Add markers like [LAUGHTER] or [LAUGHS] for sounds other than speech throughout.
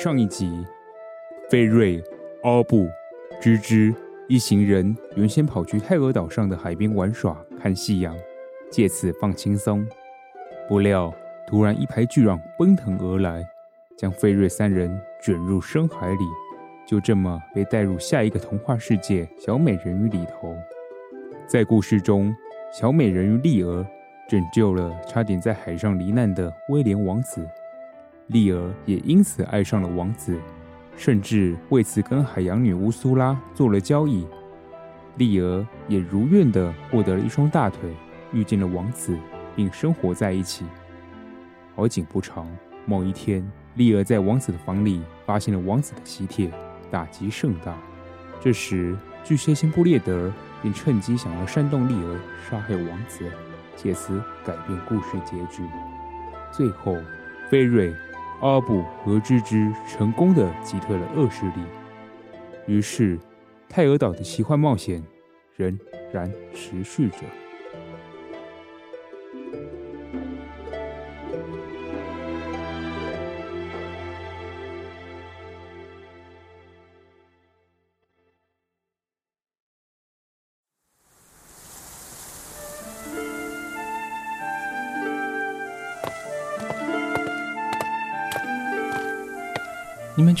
上一集，菲瑞、阿布、芝芝一行人原先跑去泰爾島上的海邊玩耍、看夕陽，借此放輕鬆。不料，突然一排巨浪奔騰而來，將菲瑞三人卷入深海裡，就這麼被帶入下一個童話世界——小美人魚裡頭。在故事中，小美人魚麗兒拯救了差點在海上罹難的威廉王子。麗兒也因此愛上了王子，甚至為此跟海洋女巫蘇拉做了交易。麗兒也如願地獲得了一雙大腿，遇見了王子，並生活在一起。好景不長，某一天，麗兒在王子的房裡發現了王子的喜帖，打擊甚大。這時，巨蟹星布列德便趁機想要煽動麗兒殺害王子，借此改變故事結局。最後，菲瑞、阿布和芝芝成功的擊退了惡勢力，於是泰爾島的奇幻冒險仍然持續着。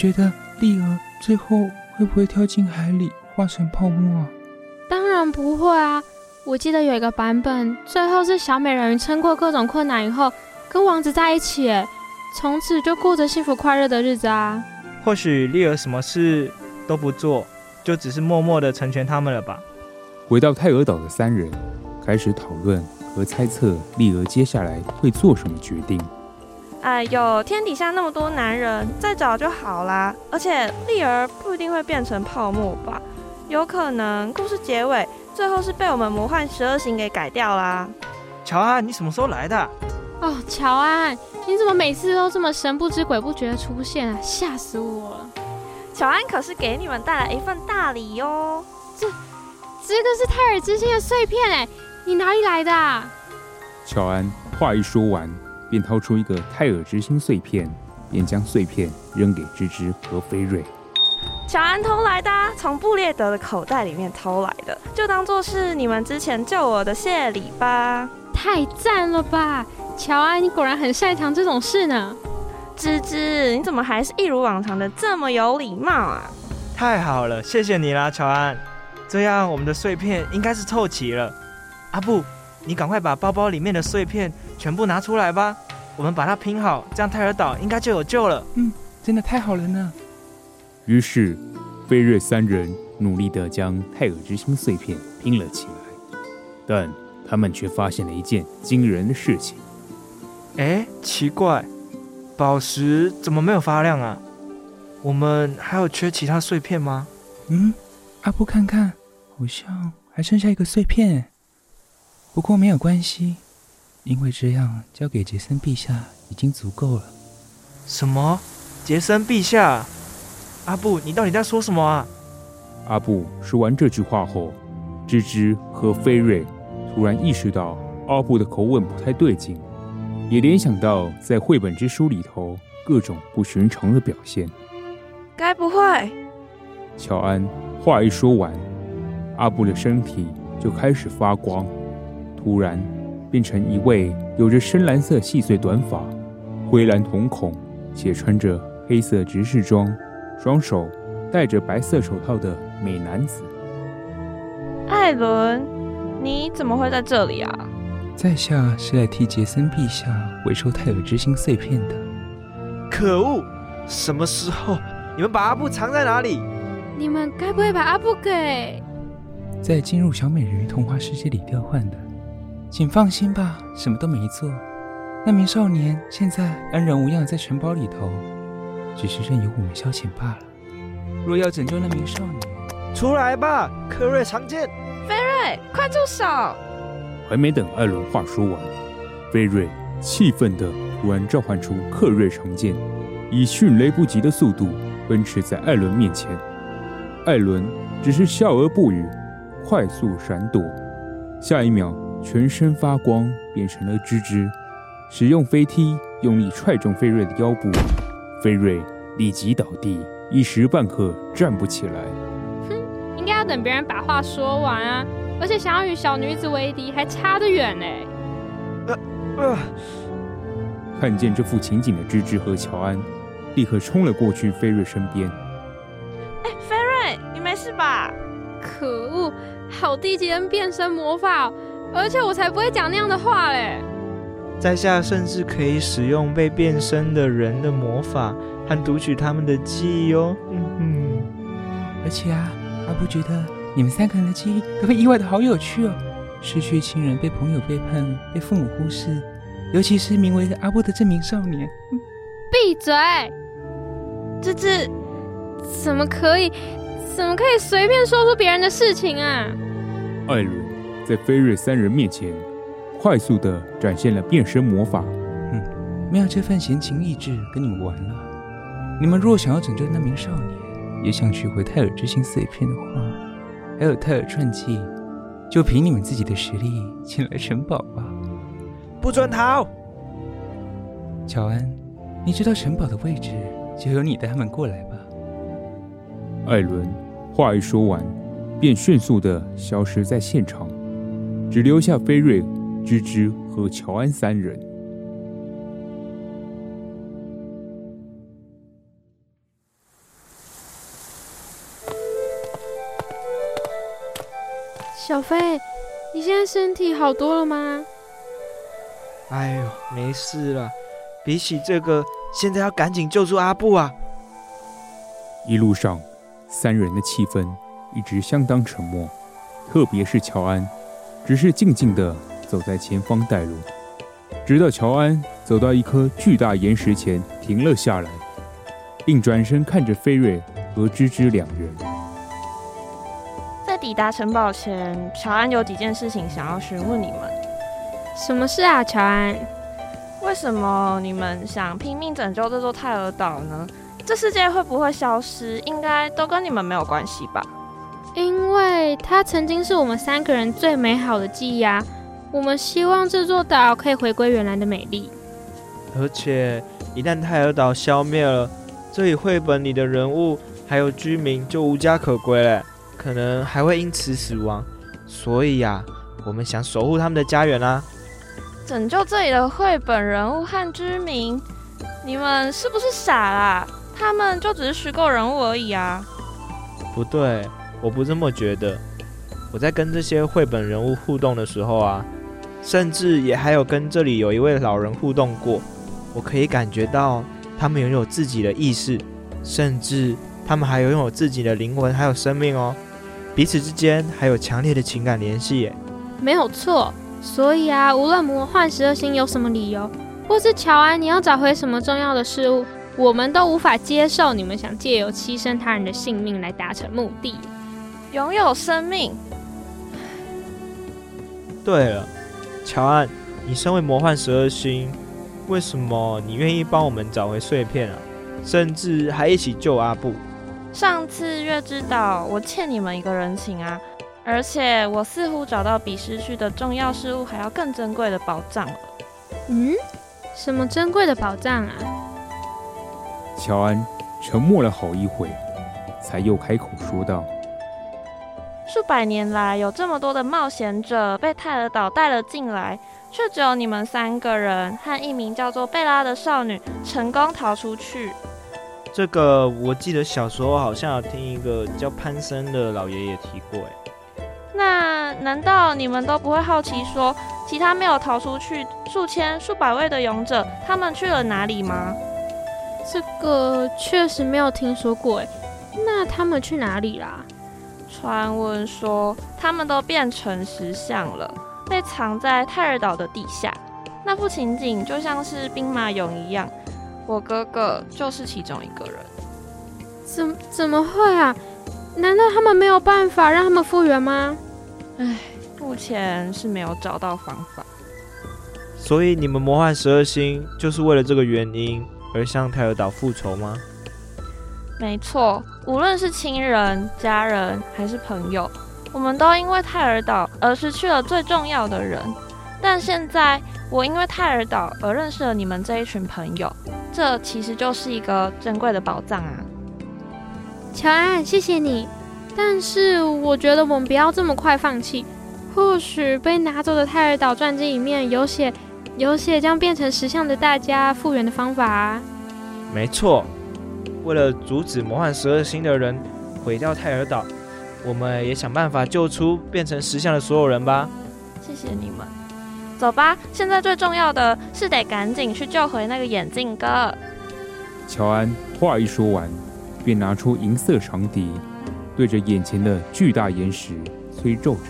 你覺得麗兒最後會不會跳進海裡化成泡沫啊？當然不會啊！我記得有一個版本，最後是小美人撐過各種困難以後，跟王子在一起，從此就過着幸福快樂的日子啊。或許麗兒什麼事都不做，就只是默默的成全他們了吧。回到泰爾島的三人開始討論和猜測麗兒接下來會做什麼決定。哎呦，天底下那麼多男人，再找就好啦。而且麗兒不一定會變成泡沫吧？有可能故事結尾最後是被我們魔幻十二星給改掉啦。喬安，你什麼時候來的？哦，喬安，你怎麼每次都這麼神不知鬼不覺的出現啊？嚇死我了。喬安可是給你們帶來一份大禮喲、哦。這，這個是泰爾之心的碎片哎，你哪裡來的？喬安話一說完。便掏出一個泰爾之心碎片，便將碎片扔給芝芝和菲瑞。喬安偷來的、啊，從布列德的口袋裡面偷來的，就當做是你們之前救我的謝禮吧。太讚了吧，喬安，你果然很擅長這種事呢。芝芝，你怎麼還是一如往常的這麼有禮貌啊？太好了，謝謝你啦，喬安。這樣我們的碎片應該是湊齊了。阿、啊、布，你趕快把包包裡面的碎片。全部拿出來吧，我們把它拼好，這樣泰爾島應該就有救了。嗯，真的太好了呢。於是，菲瑞三人努力地將泰爾之心碎片拼了起來，但他們卻發現了一件驚人的事情。哎，奇怪，寶石怎麼沒有發亮啊？我們還有缺其他碎片嗎？嗯，阿布看看，好像還剩下一個碎片欸。不過沒有關係。因為這樣交給傑森陛下已經足夠了。什麼？傑森陛下？阿布，你到底在說什麼啊？阿布說完這句話後，芝芝和菲瑞突然意識到阿布的口吻不太對勁，也聯想到在繪本之書裡頭各種不尋常的表現。該不會……喬安話一說完，阿布的身體就開始發光，突然，變成一位有着深藍色細碎短髮、灰藍瞳孔，且穿着黑色執事裝、雙手戴着白色手套的美男子。艾倫，你怎麼會在這裡啊？在下是來替杰森陛下回收泰爾之心碎片的。可惡！什麼時候？你們把阿布藏在哪裡？你們該不會把阿布給……在進入小美人魚童話世界裡調換的。請放心吧，什麼都沒做。那名少年現在安然無恙在城堡裡頭，只是任由我們消遣罷了。若要拯救那名少年，出來吧，克瑞長劍！菲瑞，快住手！還沒等艾倫話說完，菲瑞氣憤地突然召喚出克瑞長劍，以迅雷不及的速度奔馳在艾倫面前。艾倫只是笑而不語，快速閃躲。下一秒。全身發光，變成了芝芝，使用飛踢，用力踹中菲瑞的腰部，菲瑞立即倒地，一時半刻站不起來。哼，應該要等別人把話說完啊！而且想要與小女子為敵，還差得遠呢、欸。呃呃、啊，啊、看見這副情景的芝芝和喬安，立刻衝了過去菲瑞身邊。哎、欸，菲瑞，你沒事吧？可惡，好低級的變身魔法、哦！而且我才不會講那樣的話嘞！在下甚至可以使用被變身的人的魔法，和讀取他們的記憶哦。嗯，嗯，而且啊，阿布覺得你們三個人的記憶都被意外的好有趣哦。失去親人，被朋友背叛，被父母忽視，尤其是名為阿布的這名少年。 [LAUGHS] 閉嘴！這這怎麼可以？怎麼可以隨便說出別人的事情啊？艾倫。在菲瑞三人面前，快速的展現了變身魔法。哼、嗯，沒有這份閒情逸致跟你們玩了。你們若想要拯救那名少年，也想取回泰爾之心碎片的話，還有泰爾傳記，就憑你們自己的實力前來城堡吧，不准逃！喬安，你知道城堡的位置就的，就由你帶他們過來吧。艾倫話一說完，便迅速的消失在現場。只留下菲瑞、芝芝和喬安三人。小飛，你現在身體好多了嗎？哎呦，沒事了。比起這個，現在要趕緊救出阿布啊！一路上，三人的氣氛一直相當沉默，特別是喬安。只是靜靜地走在前方帶路，直到喬安走到一顆巨大岩石前停了下來，並轉身看着菲瑞和芝芝兩人。在抵達城堡前，喬安有幾件事情想要詢問你們。什麼事啊，喬安？為什麼你們想拼命拯救這座泰爾島呢？這世界會不會消失，應該都跟你們沒有關係吧？因為它曾經是我們三個人最美好的記憶啊！我們希望這座島可以回歸原來的美麗。而且，一旦泰爾島消滅了，這裡繪本裡的人物還有居民就無家可歸了，可能還會因此死亡。所以呀、啊，我們想守護他們的家園啊！拯救這裡的繪本人物和居民？你們是不是傻啦、啊？他們就只是虛構人物而已啊！不對。我不這麼覺得。我在跟這些繪本人物互動的時候啊，甚至也還有跟這裡有一位老人互動過。我可以感覺到他們擁有自己的意識，甚至他們還有擁有自己的靈魂，還有生命哦。彼此之間還有強烈的情感聯繫。誒，沒有錯，所以啊，無論魔幻十二星有什麼理由，或是喬安你要找回什麼重要的事物，我們都無法接受你們想借由犧牲他人的性命來達成目的。擁有生命。對了，喬安，你身為魔幻十二星，為什麼你願意幫我們找回碎片啊？甚至還一起救阿布。上次月之島，我欠你們一個人情啊！而且我似乎找到比失去的重要事物還要更珍貴的寶藏。嗯？什麼珍貴的寶藏啊？喬安沉默了好一會，才又開口說道。數百年來，有這麼多的冒險者被泰爾島帶了進來，卻只有你們三個人和一名叫做貝拉的少女成功逃出去。這個我記得小時候好像有聽一個叫潘森的老爺爺提過。那難道你們都不會好奇說，其他沒有逃出去數千數百位的勇者，他們去了哪裡嗎？這個確實沒有聽說過，那他們去哪裡啦？傳聞說，他們都變成石像了，被藏在泰爾島的地下。那副情景就像是兵馬俑一樣。我哥哥就是其中一個人。怎怎麼會啊？難道他們沒有辦法讓他們復原嗎？哎，目前是沒有找到方法。所以你們魔幻十二星就是為了這個原因而向泰爾島復仇嗎？沒錯，無論是親人、家人還是朋友，我們都因為泰爾島而失去了最重要的人。但現在，我因為泰爾島而認識了你們這一群朋友，這其實就是一個珍貴的寶藏啊！喬安，謝謝你。但是，我覺得我們不要這麼快放棄。或許被拿走的泰爾島傳記裡面有寫，有寫將變成石像的大家復原的方法啊。沒錯。為了阻止魔幻十二星的人毀掉泰爾島，我們也想辦法救出變成石像的所有人吧！謝謝你們，走吧。現在最重要的是得趕緊去救回那個眼鏡哥。喬安話一說完，便拿出銀色長笛，對着眼前的巨大岩石吹奏着。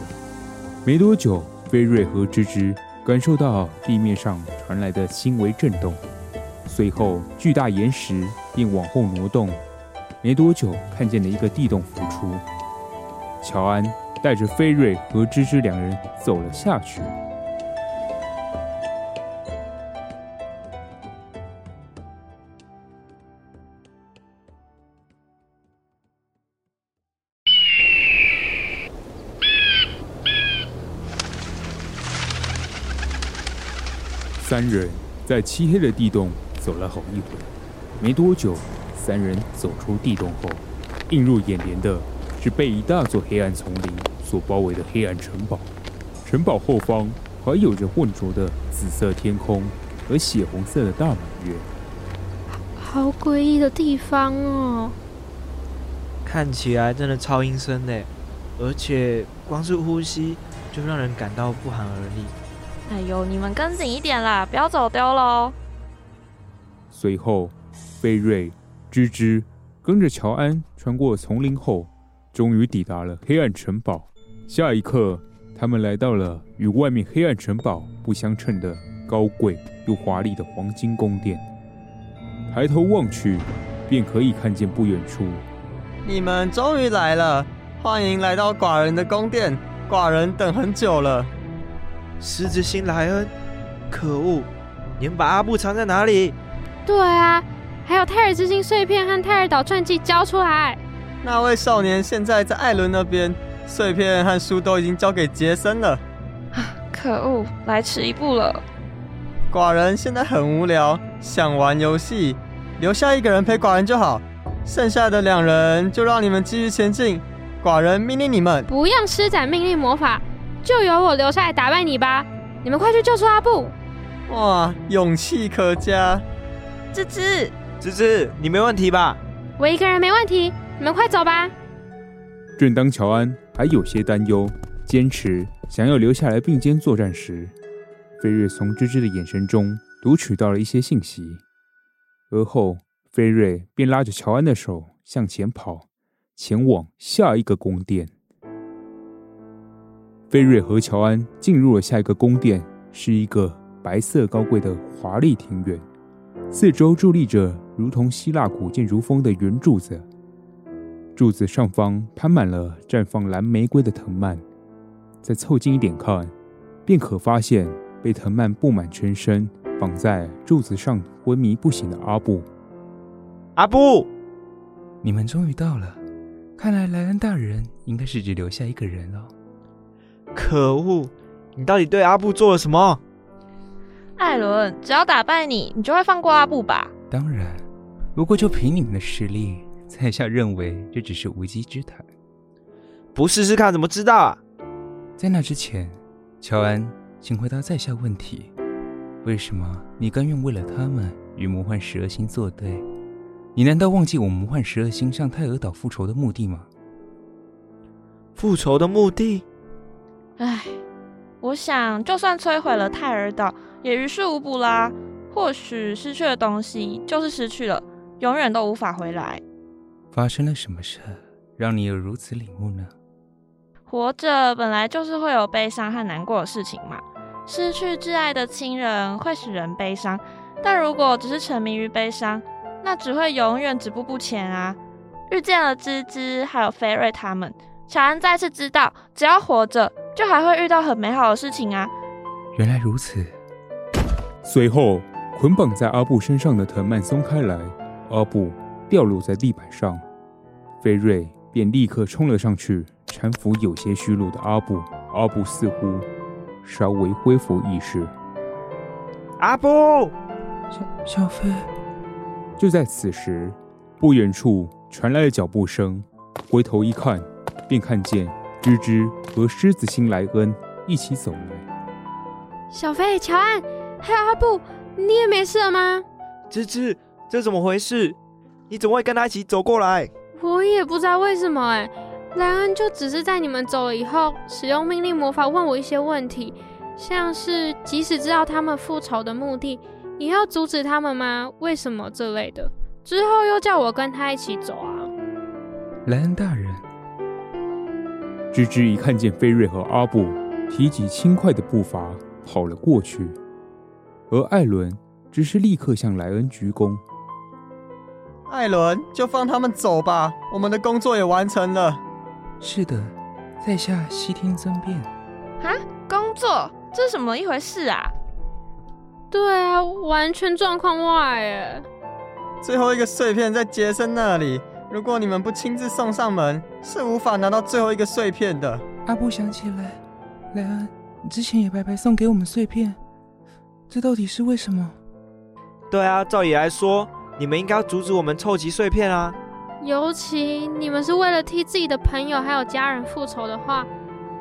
沒多久，菲瑞和芝芝感受到地面上傳來的輕微震動。隨後，巨大岩石便往後挪動，沒多久，看見了一個地洞浮出。喬安帶着菲瑞和芝芝兩人走了下去。 [NOISE] 三人在漆黑的地洞。走了好一會，沒多久，三人走出地洞後，映入眼簾的是被一大座黑暗叢林所包圍的黑暗城堡。城堡後方還有着渾濁的紫色天空和血紅色的大滿月。好詭異的地方哦！看起來真的超陰森的，而且光是呼吸就讓人感到不寒而慄。哎呦，你們跟緊一點啦，不要走丟嘍！隨後，菲瑞、芝芝跟着喬安穿過叢林後，終於抵達了黑暗城堡。下一刻，他們來到了與外面黑暗城堡不相稱的高貴又華麗的黃金宮殿。抬頭望去，便可以看見不遠處。你們終於來了！歡迎來到寡人的宮殿，寡人等很久了。獅子星萊恩，可惡！你們把阿布藏在哪裡？對啊，還有泰爾之心碎片和泰爾島傳記交出來。那位少年現在在艾倫那邊，碎片和書都已經交給傑森了。啊，可惡，來遲一步了。寡人現在很無聊，想玩遊戲，留下一個人陪寡人就好，剩下的兩人就讓你們繼續前進。寡人命令你們不用施展命令魔法，就由我留下來打敗你吧。你們快去救出阿布。哇，勇氣可嘉。芝芝，芝芝，芝芝，你沒問題吧？我一個人沒問題，你們快走吧。正當喬安還有些擔憂，堅持想要留下來並肩作戰時，菲瑞從芝芝的眼神中讀取到了一些信息。而後，菲瑞便拉着喬安的手向前跑，前往下一個宮殿。菲瑞和喬安進入了下一個宮殿，是一個白色高貴的華麗庭院。四周佇立着如同希臘古建築風的圓柱子，柱子上方攀滿了綻放藍玫瑰的藤蔓。再湊近一點看，便可發現被藤蔓布滿全身、綁在柱子上昏迷不醒的阿布。阿布，你們終於到了。看來萊恩大人應該是只留下一個人了。可惡，你到底對阿布做了什麼？艾倫，只要打敗你，你就會放過阿布吧？當然，不過就憑你們的實力，在下認為這只是無稽之談。不試試看怎麼知道啊？在那之前，喬安，請回答在下問題：為什麼你甘願為了他們與魔幻十二星作對？你難道忘記我們魔幻十二星向泰爾島復仇的目的嗎？復仇的目的？唉，我想，就算摧毀了泰爾島。也於事無補啦啊。或許失去的東西就是失去了，永遠都無法回來。發生了什麼事，讓你有如此領悟呢？活着本來就是會有悲傷和難過的事情嘛。失去摯愛的親人會使人悲傷，但如果只是沉迷於悲傷，那只會永遠止步不前啊。遇見了芝芝，還有菲瑞他們，喬安再次知道，只要活着，就還會遇到很美好的事情啊。原來如此。隨後，捆綁在阿布身上的藤蔓鬆開來，阿布掉落在地板上。菲瑞便立刻衝了上去，攙扶有些虛弱的阿布。阿布似乎稍微恢復意識。阿布，小小飛。就在此時，不遠處傳來了腳步聲。回頭一看，便看見芝芝和獅子星萊恩一起走來。小飛，喬安。嘿，阿布，你也沒事了嗎？芝芝，這是怎麼回事？你怎麼會跟他一起走過來？我也不知道為什麼哎。萊恩就只是在你們走了以後，使用命令魔法問我一些問題，像是即使知道他們復仇的目的，也要阻止他們嗎？為什麼這類的？之後又叫我跟他一起走啊。萊恩大人，芝芝一看見菲瑞和阿布，提起輕快的步伐跑了過去。而艾倫只是立刻向萊恩鞠躬。艾倫，就放他們走吧，我們的工作也完成了。是的，在下悉聽尊便。啊，工作？這是什麼一回事啊？對啊，完全狀況外耶。最後一個碎片在杰森那裡，如果你們不親自送上門，是無法拿到最後一個碎片的。阿布想起來，萊恩，你之前也白白送給我們碎片。這到底是為什麼？對啊，照理來說，你們應該要阻止我們湊齊碎片啊。尤其你們是為了替自己的朋友還有家人復仇的話，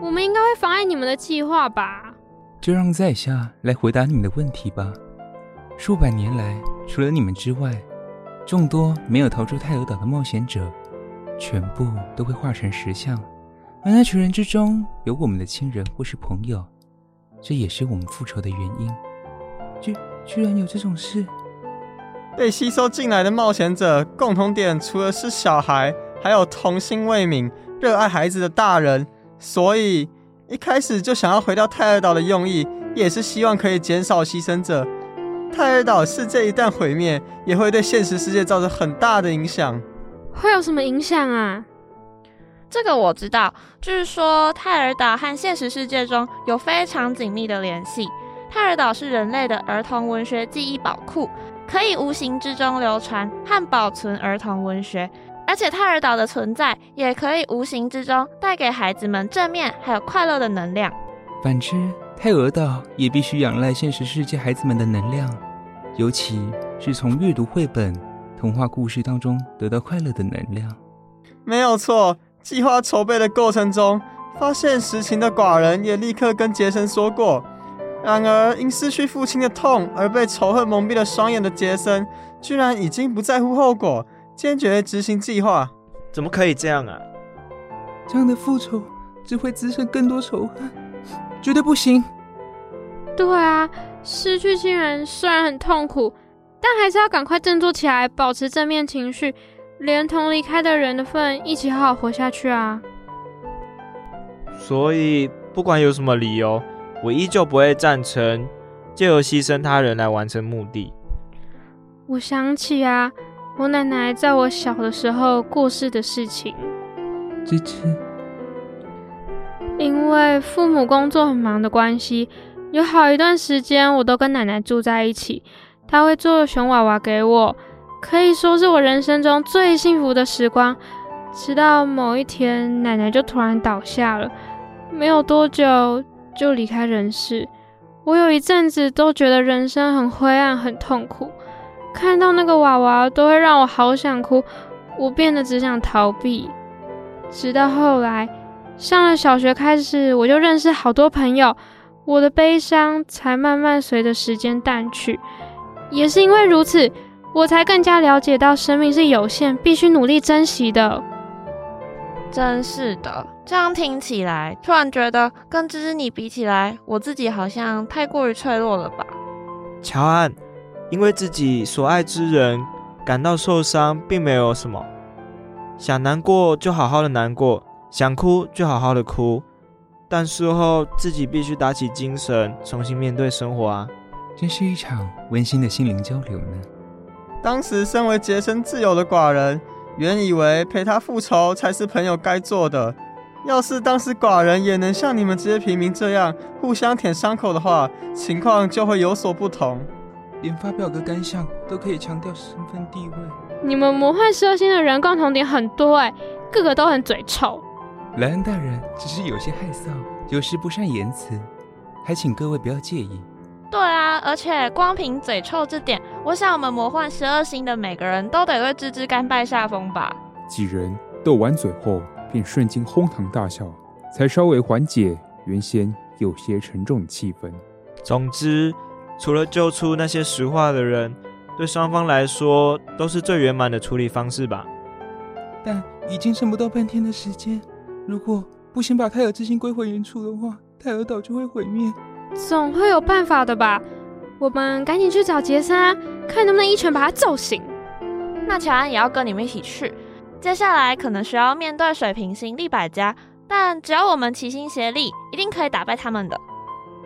我們應該會妨礙你們的計劃吧？就讓在下來回答你們的問題吧。數百年來，除了你們之外，眾多沒有逃出泰爾島的冒險者，全部都會化成石像。而那群人之中，有我們的親人或是朋友，這也是我們復仇的原因。居然有這種事！被吸收進來的冒險者共同點，除了是小孩，還有童心未泯、熱愛孩子的大人。所以，一開始就想要回到泰爾島的用意，也是希望可以減少犧牲者。泰爾島世界一旦毀滅，也會對現實世界造成很大的影響。會有什麼影響啊？這個我知道，就是說泰爾島和現實世界中有非常緊密的聯繫。泰爾島是人類的兒童文學記憶寶庫，可以無形之中流傳和保存兒童文學，而且泰爾島的存在也可以無形之中帶給孩子們正面還有快樂的能量。反之，泰爾島也必須仰賴現實世界孩子們的能量，尤其是從閱讀繪本、童話故事當中得到快樂的能量。沒有錯，計劃籌備的過程中發現實情的寡人也立刻跟杰森說過。然而，因失去父親的痛而被仇恨蒙蔽了雙眼的傑森，居然已經不在乎後果，堅決執行計劃。怎麼可以這樣啊？這樣的復仇只會滋生更多仇恨，絕對不行。對啊，失去親人雖然很痛苦，但還是要趕快振作起來，保持正面情緒，連同離開的人的份一起好好活下去啊。所以，不管有什麼理由。我依舊不會贊成，借由犧牲他人來完成目的。我想起啊，我奶奶在我小的時候過世的事情。這次。因為父母工作很忙的關係，有好一段時間我都跟奶奶住在一起。她會做熊娃娃給我，可以說是我人生中最幸福的時光。直到某一天，奶奶就突然倒下了，沒有多久。就離開人世，我有一陣子都覺得人生很灰暗，很痛苦，看到那個娃娃都會讓我好想哭，我變得只想逃避。直到後來上了小學開始，我就認識好多朋友，我的悲傷才慢慢隨着時間淡去。也是因為如此，我才更加了解到生命是有限，必須努力珍惜的。真是的。這樣聽起來，突然覺得跟芝芝你比起來，我自己好像太過於脆弱了吧？喬安，因為自己所愛之人感到受傷，並沒有什麼。想難過就好好的難過，想哭就好好的哭，但事後自己必須打起精神，重新面對生活啊！這是一場溫馨的心靈交流呢。當時身為杰身自由傑森摯友的寡人，原以為陪他復仇才是朋友該做的。要是當時寡人也能像你們這些平民這樣互相舔傷口的話，情況就會有所不同。連發表個感想都可以強調身份地位。你們魔幻十二星的人共同點很多哎、欸，個個都很嘴臭。萊恩大人只是有些害臊，有時不善言辭，還請各位不要介意。對啊，而且光憑嘴臭這點，我想我們魔幻十二星的每個人都得對芝芝甘拜下風吧。幾人鬥完嘴後。便瞬間哄堂大笑，才稍微緩解原先有些沉重的氣氛。總之，除了救出那些石化的人，對雙方來說都是最圓滿的處理方式吧。但已經剩不到半天的時間，如果不先把泰爾之心歸回原處的話，泰爾島就會毀滅。總會有辦法的吧？我們趕緊去找杰森啊，看能不能一拳把他揍醒。那喬安也要跟你們一起去。接下來可能需要面對水瓶星利百加，但只要我們齊心協力，一定可以打敗他們的。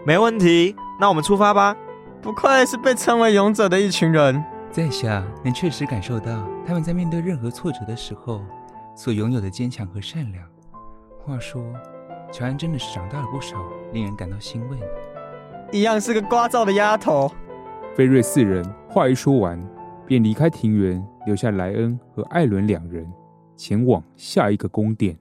沒問題，那我們出發吧。不愧是被稱為勇者的一群人，在下能確實感受到他們在面對任何挫折的時候所擁有的堅強和善良。話說，喬安真的是長大了不少，令人感到欣慰。一樣是個聒噪的丫頭。菲瑞四人話一說完，便離開庭園，留下萊恩和艾倫兩人，前往下一個宮殿。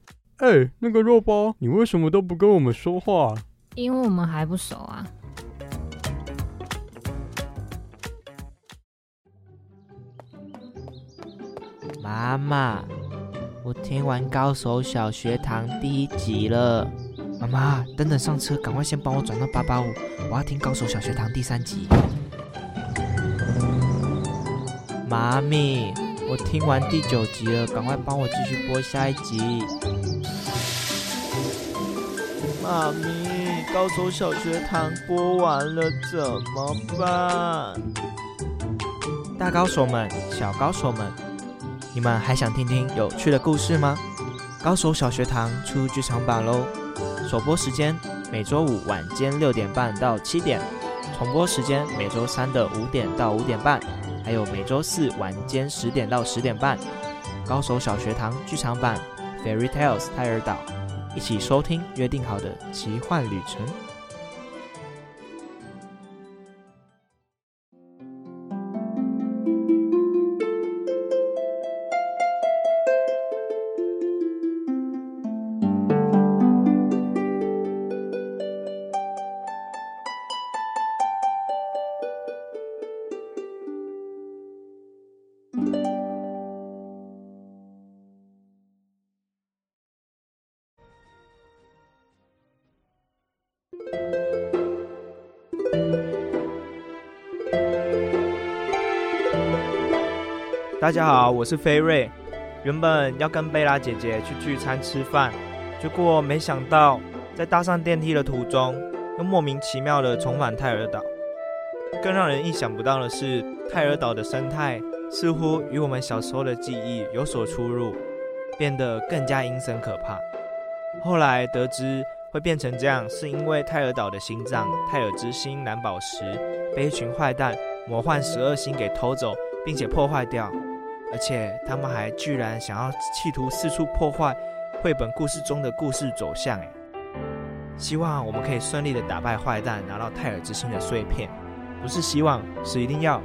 哎、欸，那個肉包，你為什麼都不跟我們說話？因為我們還不熟啊。媽媽，我聽完《高手小學堂》第一集了。媽媽，等等上車，趕快先幫我轉到八八五，我要聽《高手小學堂》第三集。媽咪，我聽完第九集了，趕快幫我繼續播下一集。媽咪，高手小學堂播完了怎麼辦？大高手們，小高手們，你們還想聽聽有趣的故事嗎？高手小學堂出劇場版嘍！首播時間每周五晚間六點半到七點，重播時間每周三的五點到五點半，還有每周四晚間十點到十點半。高手小學堂劇場版《Fairy Tales 泰爾島》。一起收聽約定好的奇幻旅程。大家好，我是菲瑞。原本要跟貝拉姐姐去聚餐吃飯，結果沒想到在搭上電梯的途中，又莫名其妙的重返泰爾島。更讓人意想不到的是，泰爾島的生態似乎與我們小時候的記憶有所出入，變得更加陰森可怕。後來得知會變成這樣，是因為泰爾島的心臟——泰爾之心藍寶石，被一群壞蛋魔幻十二星給偷走，並且破壞掉。而且他們還居然想要企圖四處破壞繪本故事中的故事走向，誒，希望我們可以順利的打敗壞蛋，拿到泰爾之心的碎片，不是希望，是一定要。